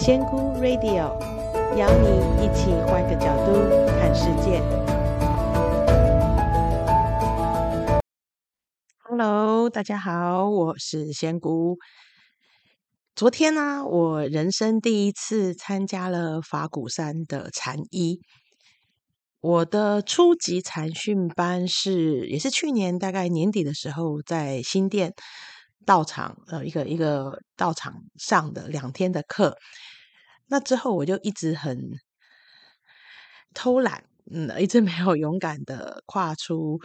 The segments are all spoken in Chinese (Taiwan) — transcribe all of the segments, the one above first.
仙姑 Radio 邀你一起換個角度看世界。Hello，大家好，我是仙姑。昨天呢、啊，我人生第一次參加了法鼓山的禪一。我的初級禪訓班是，也是去年大概年底的時候在新店。道場呃，一個一個道場上的兩天的課，那之後我就一直很偷懶，嗯，一直沒有勇敢的跨出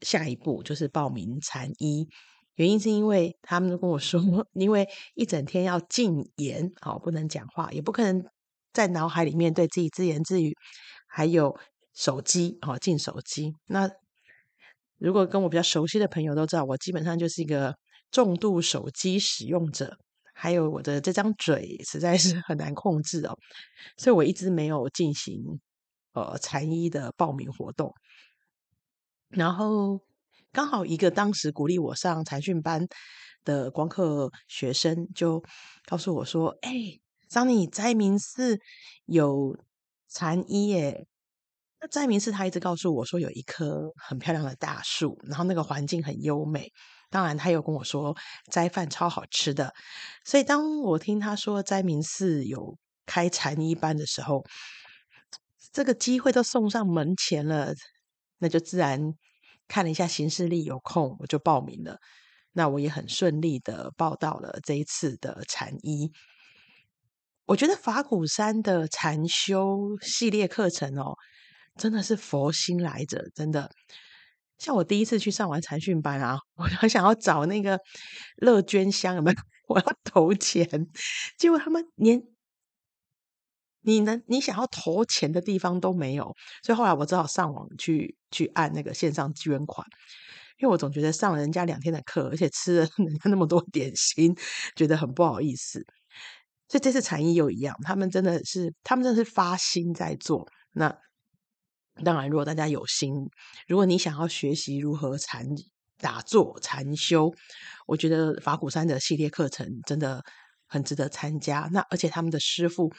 下一步，就是報名禪一，原因是因為他們都跟我說，因為一整天要禁言，哦，不能講話，也不可能在腦海裡面對自己自言自語，還有手機，哦，禁手機。那如果跟我比較熟悉的朋友都知道，我基本上就是一個。重度手機使用者，還有我的這張嘴實在是很難控制哦，所以我一直沒有進行呃禪一的報名活動。然後剛好一個當時鼓勵我上禪訓班的光課學生就告訴我說：“誒當你齋明寺有禪一耶？那齋明寺他一直告訴我說有一棵很漂亮的大樹，然後那個環境很優美。”當然，他又跟我說齋飯超好吃的，所以當我聽他說齋明寺有開禪一班的時候，這個機會都送上門前了，那就自然看了一下行事曆有空，我就報名了。那我也很順利的報到了這一次的禪一。我覺得法鼓山的禪修系列課程哦，真的是佛心來着，真的。像我第一次去上完禪訓班啊，我想要找那個樂捐箱有沒有，我要投錢，結果他們連你，你能你想要投錢的地方都沒有，所以後來我只好上網去去按那個線上捐款，因為我總覺得上了人家兩天的課，而且吃了人家那麼多點心，覺得很不好意思。所以這次禪意又一樣，他們真的是，他們真的是發心在做那。當然，如果大家有心，如果你想要學習如何禪打坐、禪修，我覺得法鼓山的系列課程真的很值得參加。那而且他們的師父，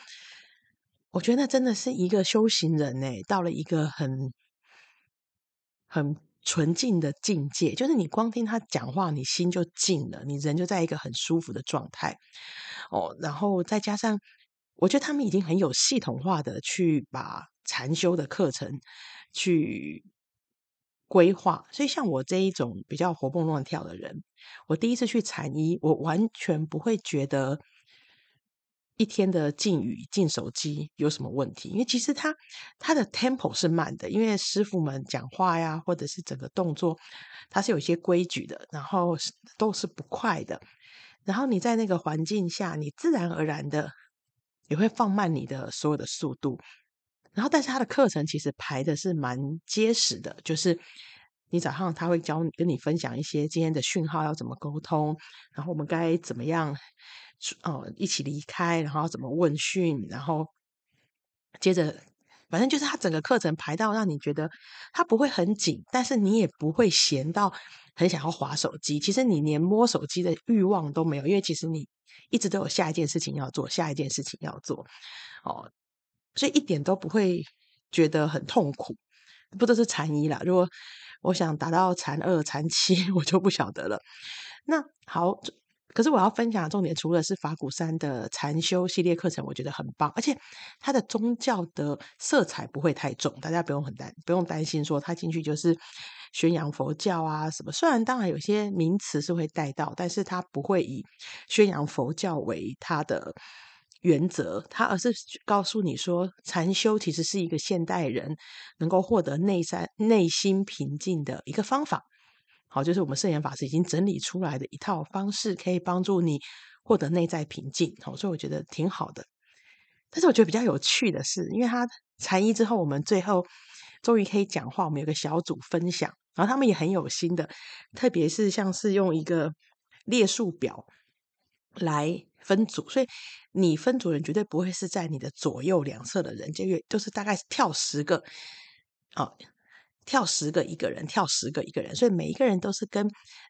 我覺得那真的是一個修行人呢，到了一個很很純淨的境界。就是你光聽他講話，你心就靜了，你人就在一個很舒服的狀態。哦，然後再加上，我覺得他們已經很有系統化的去把。禪修的課程去規劃，所以像我這一種比較活蹦亂跳的人，我第一次去禪醫，我完全不會覺得一天的禁語、禁手機有什麼問題，因為其實他他的 tempo 是慢的，因為師傅們講話呀，或者是整個動作，它是有一些規矩的，然後都是不快的。然後你在那個環境下，你自然而然的也會放慢你的所有的速度。然後，但是他的課程其實排的是蠻結實的，就是你早上他會教你跟你分享一些今天的訊號要怎麼溝通，然後我們該怎麼樣哦一起離開，然後要怎麼問訊，然後接着反正就是他整個課程排到讓你覺得他不會很緊，但是你也不會閒到很想要滑手機。其實你連摸手機的欲望都沒有，因為其實你一直都有下一件事情要做，下一件事情要做哦。所以一點都不會覺得很痛苦，不都是禪一了。如果我想達到禪二、禪七，我就不曉得了。那好，可是我要分享的重點，除了是法鼓山的禪修系列課程，我覺得很棒，而且它的宗教的色彩不會太重，大家不用很擔不用擔心說他進去就是宣揚佛教啊什麼。雖然當然有些名詞是會帶到，但是他不會以宣揚佛教為他的。原則，他而是告訴你說，禪修其實是一個現代人能夠獲得內在內心平靜的一個方法。好，就是我們聖嚴法師已經整理出來的一套方式，可以幫助你獲得內在平靜。好，所以我覺得挺好的。但是我覺得比較有趣的是，因為他禪一之後，我們最後終於可以講話，我們有個小組分享，然後他們也很有心的，特別是像是用一個列數表來。分組，所以你分組人絕對不會是在你的左右兩側的人，就是就是大概跳十個，哦，跳十個一個人，跳十個一個人，所以每一個人都是跟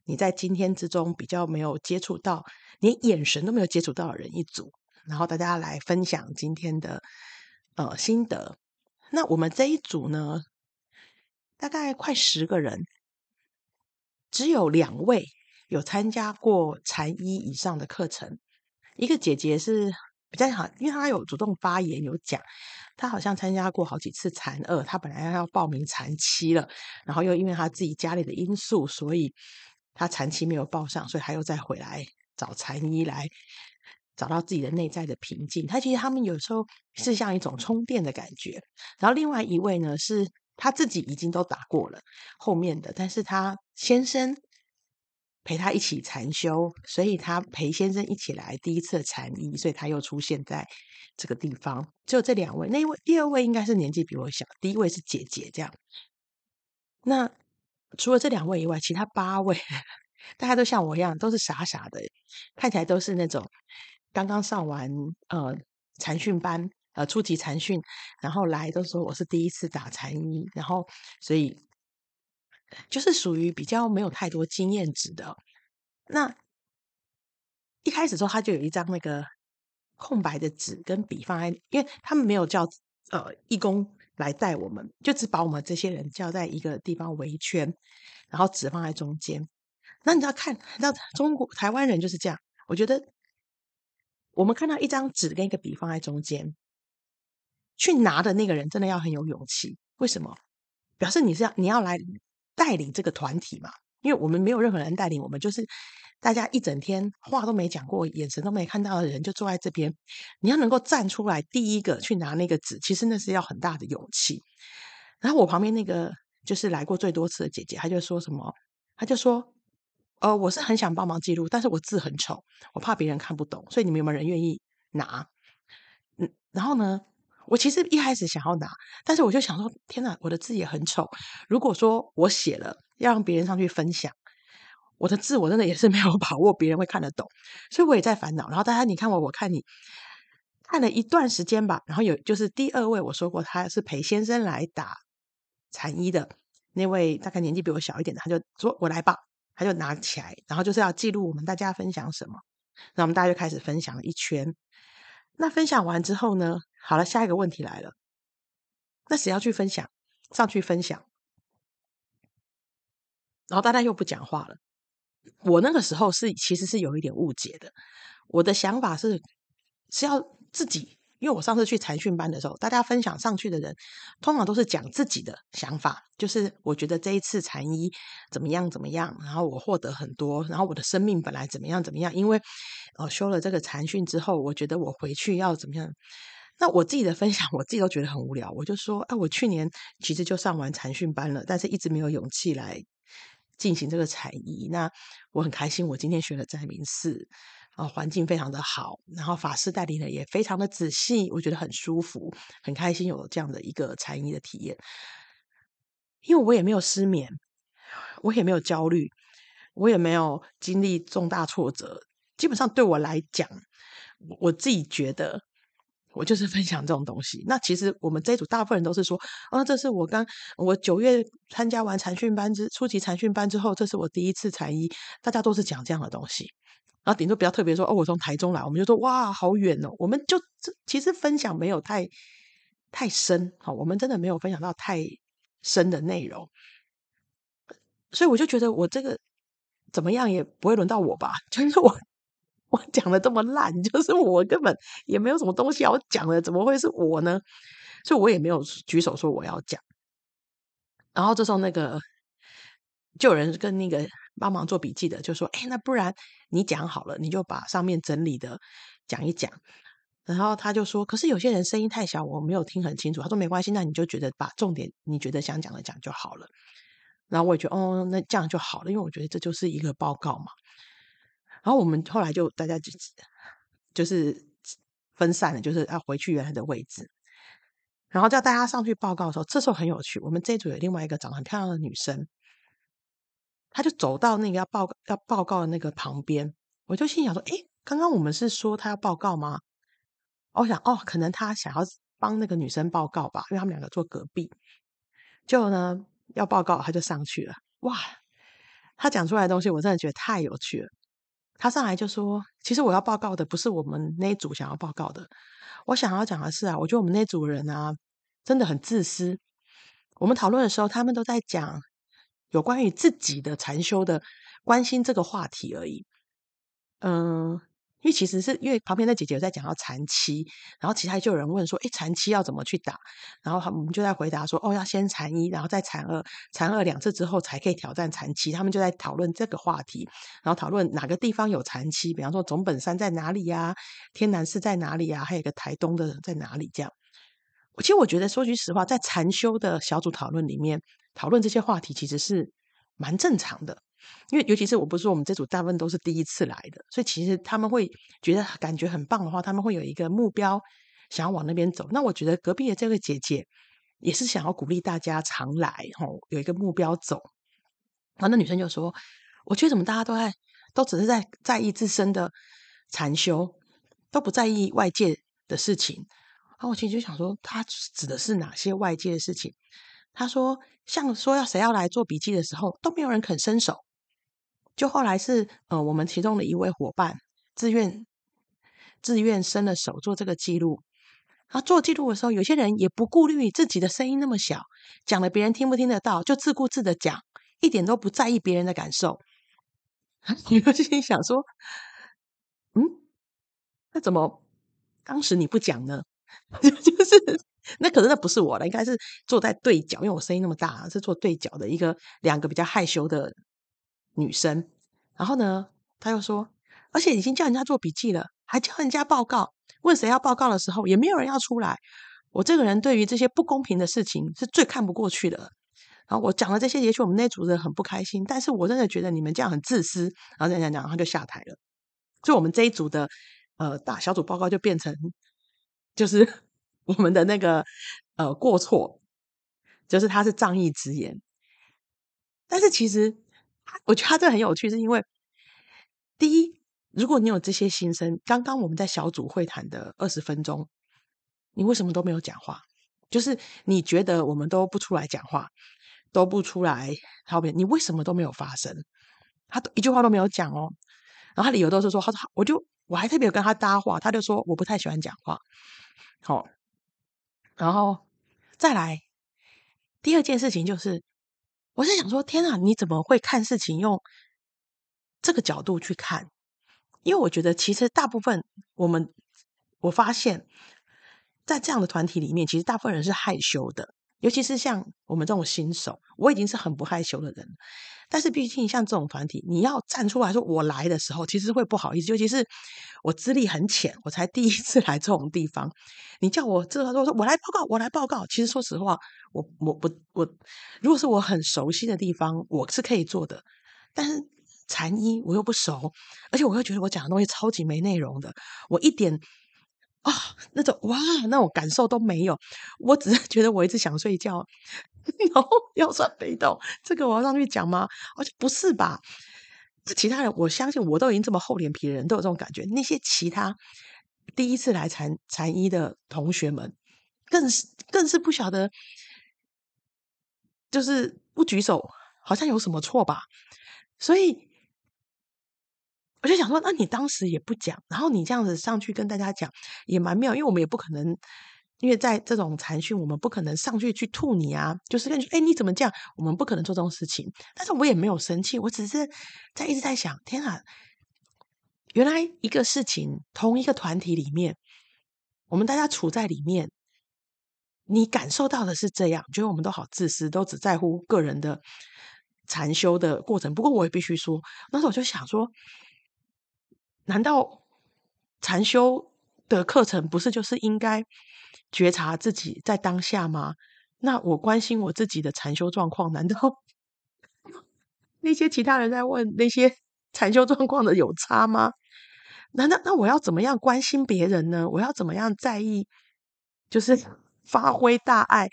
你在今天之中比較沒有接觸到，連眼神都沒有接觸到的人一組，然後大家來分享今天的呃心得。那我們這一組呢，大概快十個人，只有兩位有參加過禪一以上的課程。一個姐姐是比較好，因為她有主動發言，有講，她好像參加過好幾次禪二，她本來要報名禪七了，然後又因為她自己家裡的因素，所以她禪七沒有報上，所以她又再回來找禪一，來找到自己的內在的平靜。她其實他們有時候是像一種充電的感覺。然後另外一位呢，是她自己已經都打過了後面的，但是她先生。陪他一起禪修，所以他陪先生一起來第一次禪一，所以他又出現在這個地方。只有這兩位，那一位第二位應該是年紀比我小，第一位是姐姐這樣。那除了這兩位以外，其他八位大家都像我一樣，都是傻傻的，看起來都是那種剛剛上完呃禪訓班呃初級禪訓，然後來都說我是第一次打禪一，然後所以。就是屬於比較沒有太多經驗值的。那一開始時候，他就有一張那個空白的紙跟筆放在，因為他們沒有叫呃義工來帶我們，就只把我們這些人叫在一個地方圍一圈，然後紙放在中間。那你要看那中國台灣人就是這樣，我覺得我們看到一張紙跟一個筆放在中間，去拿的那個人真的要很有勇氣。為什麼？表示你是要你要來。帶領這個團體嘛，因為我們沒有任何人帶領，我們就是大家一整天話都沒講過，眼神都沒看到的人就坐在這邊。你要能夠站出來第一個去拿那個紙，其實那是要很大的勇氣。然後我旁邊那個就是來過最多次的姐姐，她就說什麼？她就說：“呃，我是很想幫忙記錄，但是我字很醜，我怕別人看不懂，所以你們有沒有人願意拿？”嗯，然後呢？我其實一開始想要拿，但是我就想說，天吶我的字也很醜。如果說我寫了，要讓別人上去分享我的字，我真的也是沒有把握，別人會看得懂，所以我也在煩惱。然後大家你看我，我看你，看了一段時間吧。然後有就是第二位，我說過他是陪先生來打禪衣的那位，大概年紀比我小一點的，他就說：“我來吧。”他就拿起來，然後就是要記錄我們大家分享什麼。然後我們大家就開始分享了一圈。那分享完之後呢？好了，下一個問題來了。那誰要去分享？上去分享，然後大家又不講話了。我那個時候是其實是有一點誤解的。我的想法是是要自己，因為我上次去禪訓班的時候，大家分享上去的人，通常都是講自己的想法，就是我覺得這一次禪一怎麼樣怎麼樣，然後我獲得很多，然後我的生命本來怎麼樣怎麼樣，因為哦，呃，修了這個禪訓之後，我覺得我回去要怎麼樣。那我自己的分享，我自己都覺得很無聊。我就說，啊，我去年其實就上完禪訓班了，但是一直沒有勇氣來進行這個禪一。那我很開心，我今天學了齋明寺，啊，環境非常的好，然後法師帶領的也非常的仔細，我覺得很舒服，很開心有這樣的一個禪一的體驗。因為我也沒有失眠，我也沒有焦慮，我也沒有經歷重大挫折。基本上對我來講，我自己覺得。我就是分享這種東西。那其實我們這一組大部分人都是說，啊、哦，這是我剛我九月參加完禪訓班之初級禪訓班之後，這是我第一次禪一。大家都是講這樣的東西，然後頂多比較特別說，哦，我從台中來，我們就說，哇，好遠哦。我們就這其實分享沒有太太深，好、哦，我們真的沒有分享到太深的內容。所以我就覺得，我這個怎麼樣也不會輪到我吧，就是我。我講的這麼爛，就是我根本也沒有什麼東西要講的，怎麼會是我呢？所以我也沒有舉手說我要講。然後這時候，那個就有人跟那個幫忙做筆記的就說：“哎，那不然你講好了，你就把上面整理的講一講。”然後他就說：“可是有些人聲音太小，我沒有聽很清楚。”他說：“沒關係，那你就覺得把重點，你覺得想講的講就好了。”然後我也覺得：“哦，那這樣就好了，因為我覺得這就是一個報告嘛。”然後我們後來就大家就就是分散了，就是要回去原來的位置。然後叫大家上去報告的時候，這時候很有趣。我們這一組有另外一個長得很漂亮的女生，她就走到那個要報要報告的那個旁邊。我就心想說：“誒，剛剛我們是說她要報告嗎？”我想：“哦，可能她想要幫那個女生報告吧，因為他們兩個坐隔壁。”就呢要報告，她就上去了。哇，她講出來的東西我真的覺得太有趣了。他上來就說：“其實我要報告的不是我們那一組想要報告的，我想要講的是啊，我覺得我們那組人啊真的很自私。我們討論的時候，他們都在講有關於自己的禪修的關心這個話題而已。”嗯。因為其實是因為旁邊的姐姐有在講到禪七，然後其他就有人問說，誒，禪七要怎麼去打？然後我們就在回答說，哦，要先禪一，然後再禪二，禪二兩次之後才可以挑戰禪七，他們就在討論這個話題，然後討論哪個地方有禪七，比方說總本山在哪裡呀，天南寺在哪裡呀，還有一個台東的在哪裡這樣。我其實我覺得說句實話，在禪修的小組討論裡面討論這些話題，其實是蠻正常的。因為尤其是我不是說我們這組大部分都是第一次來的，所以其實他們會覺得感覺很棒的話，他們會有一個目標，想要往那邊走。那我覺得隔壁的這個姐姐也是想要鼓勵大家常來，哦，有一個目標走。然後那女生就說：“我覺得怎麼大家都在，都只是在在意自身的禪修，都不在意外界的事情啊？”然後我其實就想說，他指的是哪些外界的事情？他說：“像說要誰要來做筆記的時候，都沒有人肯伸手。”就後來是呃，我們其中的一位夥伴自願自願伸了手做這個記錄。然後做記錄的時候，有些人也不顧慮自己的聲音那麼小，講了別人聽不聽得到，就自顧自的講，一點都不在意別人的感受。 你就心想說，嗯，那怎麼當時你不講呢？ 就是那可能可是那不是我了，應該是坐在對角，因為我聲音那麼大，是坐對角的一個兩個比較害羞的女生，然後呢，他又說，而且已經叫人家做筆記了，還叫人家報告。問誰要報告的時候，也沒有人要出來。我這個人對於這些不公平的事情是最看不過去的。然後我講了這些，也許我們那組人很不開心，但是我真的覺得你們這樣很自私。然後講講講，然後就下台了。所以，我們這一組的呃，打小組報告就變成，就是我們的那個呃過錯，就是他是仗義執言，但是其實。我覺得他這很有趣，是因為第一，如果你有這些心聲，剛剛我們在小組會談的二十分鐘，你為什麼都沒有講話？就是你覺得我們都不出來講話，都不出來，好不？你為什麼都沒有發聲？他都一句話都沒有講哦。然後他理由都是說，他說我就我還特別有跟他搭話，他就說我不太喜歡講話。好、哦，然後再來，第二件事情就是。我是想說，天啊，你怎麼會看事情用這個角度去看？因為我覺得，其實大部分我們，我發現在這樣的團體裡面，其實大部分人是害羞的。尤其是像我們這種新手，我已經是很不害羞的人，但是畢竟像這種團體，你要站出來說我來的時候，其實會不好意思。尤其是我資歷很淺，我才第一次來這種地方。你叫我這個說，我我來報告，我來報告。其實說實話，我我我我，如果是我很熟悉的地方，我是可以做的。但是禪衣我又不熟，而且我又覺得我講的東西超級沒內容的，我一點。啊、哦，那種哇，那種感受都沒有，我只是覺得我一直想睡覺，然後腰酸背痛，這個我要上去講嗎？而且不是吧？其他人，我相信我都已經這麼厚臉皮的人，都有這種感覺。那些其他第一次來禪禪醫的同學們，更是更是不曉得，就是不舉手，好像有什麼錯吧？所以。我就想說，那你當時也不講，然後你這樣子上去跟大家講也蠻妙，因為我們也不可能，因為在這種禪訓，我們不可能上去去吐你啊，就是感覺哎，你怎麼這樣？我們不可能做這種事情。但是我也沒有生氣，我只是在一直在想，天啊，原來一個事情，同一個團體裡面，我們大家處在裡面，你感受到的是這樣，覺得我們都好自私，都只在乎個人的禪修的過程。不過我也必須說，那時候我就想說。難道禪修的課程不是就是應該覺察自己在當下嗎？那我關心我自己的禪修狀況，難道那些其他人在問那些禪修狀況的有差嗎？難道那我要怎麼樣關心別人呢？我要怎麼樣在意？就是發揮大愛。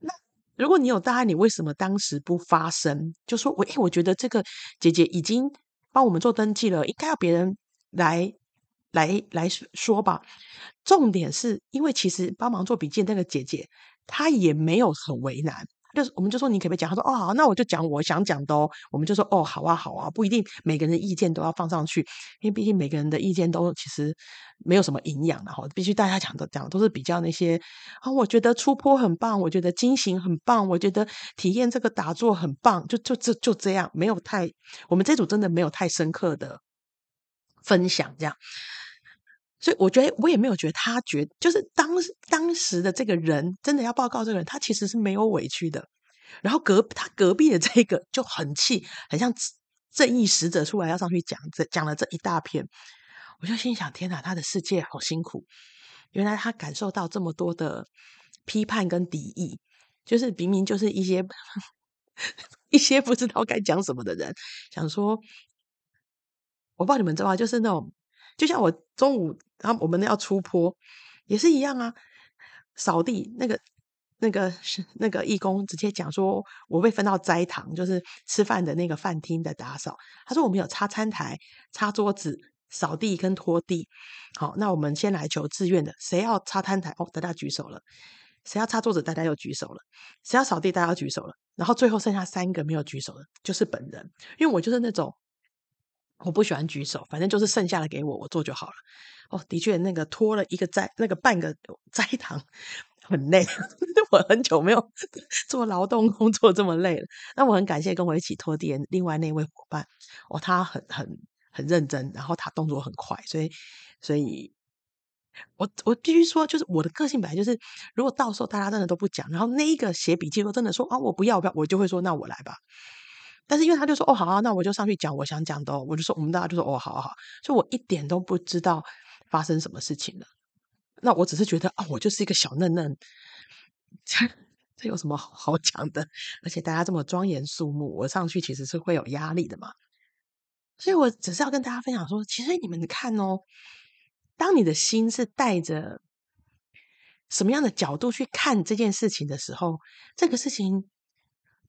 那如果你有大愛，你為什麼當時不發聲？就說我、欸、我覺得這個姐姐已經。幫我們做登記了，應該要別人來來來說吧。重點是，因為其實幫忙做筆記的那個姐姐，她也沒有很為難。就是，我們就說你可不可以講？他說哦好啊，那我就講我想講的哦。我們就說哦，好啊，好啊，不一定每個人的意見都要放上去，因為畢竟每個人的意見都其實沒有什麼營養的，然後必須大家講的講的都是比較那些啊、哦，我覺得出坡很棒，我覺得經行很棒，我覺得體驗這個打坐很棒，就就這就，就這樣，沒有太我們這組真的沒有太深刻的分享這樣。所以我覺得我也沒有覺得他覺，就是當當時的這個人真的要報告這個人，他其實是沒有委屈的。然後隔他隔壁的這個就很氣，很像正義使者出來要上去講，這講了這一大片，我就心想：天哪，他的世界好辛苦！原來他感受到這麼多的批判跟敵意，就是明明就是一些 一些不知道該講什麼的人想說，我不知道你們知道嗎？就是那種。就像我中午，然後我們要出坡，也是一樣啊。掃地那個、那個、那個義工直接講說，我被分到齋堂，就是吃飯的那個飯廳的打掃。他說我們有擦餐台、擦桌子、掃地跟拖地。好，那我們先來求自願的，誰要擦餐台？哦，大家舉手了。誰要擦桌子？大家又舉手了。誰要掃地？大家舉手了。然後最後剩下三個沒有舉手的，就是本人，因為我就是那種。我不喜歡舉手，反正就是剩下的給我，我做就好了。哦，的確，那個拖了一個齋，那個半個齋堂，很累， 我很久沒有做勞動工作這麼累了。那我很感謝跟我一起拖地、另外那位伙伴，哦，他很很很認真，然後他動作很快，所以所以，我我必須說，就是我的個性本來就是，如果到時候大家真的都不講，然後那一個寫筆記，如果真的說啊、哦，我不要，不要，我就會說，那我來吧。但是因為他就說哦好啊，那我就上去講我想講的，哦，我就說我們大家就說哦好、啊、好好、啊，所以我一點都不知道發生什麼事情了。那我只是覺得哦，我就是一個小嫩嫩，這這有什麼好講的？而且大家這麼莊嚴肅穆，我上去其實是會有壓力的嘛。所以我只是要跟大家分享說，其實你們看哦，當你的心是帶着什麼樣的角度去看這件事情的時候，這個事情，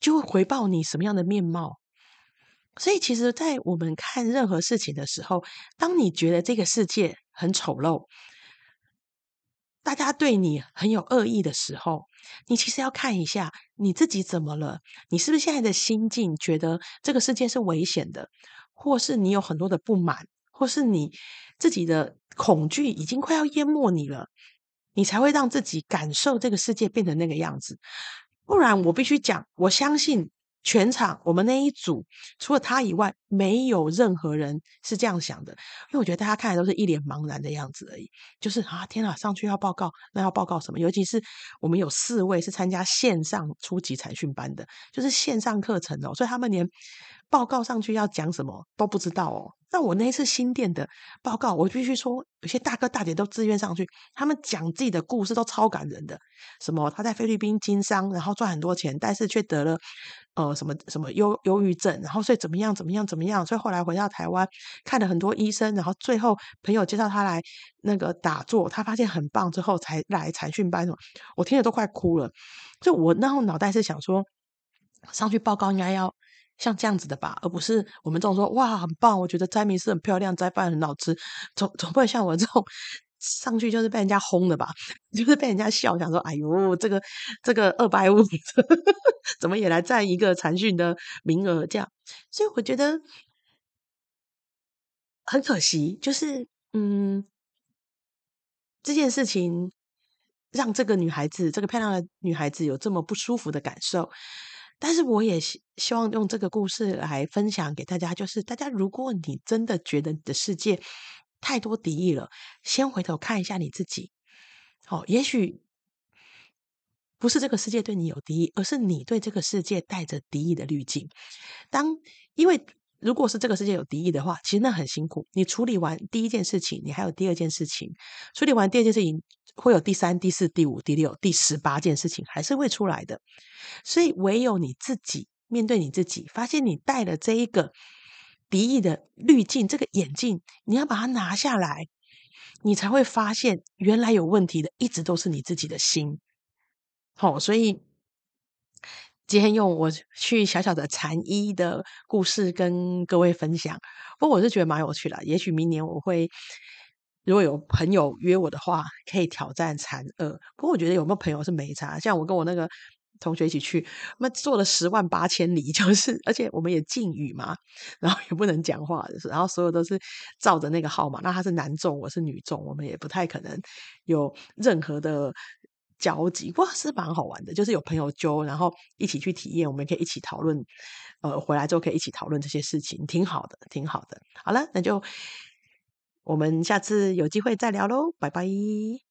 就會回報你什麼樣的面貌。所以，其實，在我們看任何事情的時候，當你覺得這個世界很醜陋，大家對你很有惡意的時候，你其實要看一下你自己怎麼了。你是不是現在的心境覺得這個世界是危險的，或是你有很多的不滿，或是你自己的恐懼已經快要淹沒你了，你才會讓自己感受這個世界變成那個樣子。不然我必須講，我相信全場我們那一組除了他以外，沒有任何人是這樣想的，因為我覺得大家看來都是一臉茫然的樣子而已。就是啊，天啊，上去要報告，那要報告什麼？尤其是我們有四位是參加線上初級禪訓班的，就是線上課程哦，所以他們連。報告上去要講什麼都不知道哦。那我那一次新店的報告，我必須說，有些大哥大姐都自願上去，他們講自己的故事都超感人的。什麼他在菲律賓經商，然後賺很多錢，但是卻得了呃什麼什麼憂憂鬱症，然後所以怎麼樣怎麼樣怎麼樣，所以後來回到台灣看了很多醫生，然後最後朋友介紹他來那個打坐，他發現很棒，之後才來禪訓班什麼。我聽着都快哭了。就我那後腦袋是想說，上去報告應該要,要。像這樣子的吧，而不是我們這種說，哇，很棒，我覺得齋明寺很漂亮，齋飯很好吃，總總不會像我這種上去就是被人家轟的吧，就是被人家笑，想說哎呦，這個這個二百五，怎麼也來佔一個禪訓的名額？這樣，所以我覺得很可惜，就是嗯，這件事情讓這個女孩子，這個漂亮的女孩子有這麼不舒服的感受。但是我也希希望用這個故事來分享給大家，就是大家如果你真的覺得你的世界太多敵意了，先回頭看一下你自己。好、哦，也許不是這個世界對你有敵意，而是你對這個世界帶着敵意的濾鏡。當因為如果是這個世界有敵意的話，其實那很辛苦。你處理完第一件事情，你還有第二件事情，處理完第二件事情。會有第三、第四、第五、第六、第十八件事情還是會出來的，所以唯有你自己面對你自己，發現你戴了這一個敵意的濾鏡，這個眼鏡你要把它拿下來，你才會發現原來有問題的一直都是你自己的心。好、哦，所以今天用我去小小的禪一的故事跟各位分享，不過我是覺得蠻有趣的，也許明年我會。如果有朋友約我的話，可以挑戰殘二。不過我覺得有沒有朋友是沒差，像我跟我那個同學一起去，那坐了十萬八千里，就是而且我們也禁語嘛，然後也不能講話，就是，然後所有都是照着那個號碼。那他是男眾，我是女眾，我們也不太可能有任何的交集。哇，是蠻好玩的，就是有朋友揪，然後一起去體驗，我們可以一起討論。呃，回來之後可以一起討論這些事情，挺好的，挺好的。好了，那就。我們下次有機會再聊嘍，拜拜。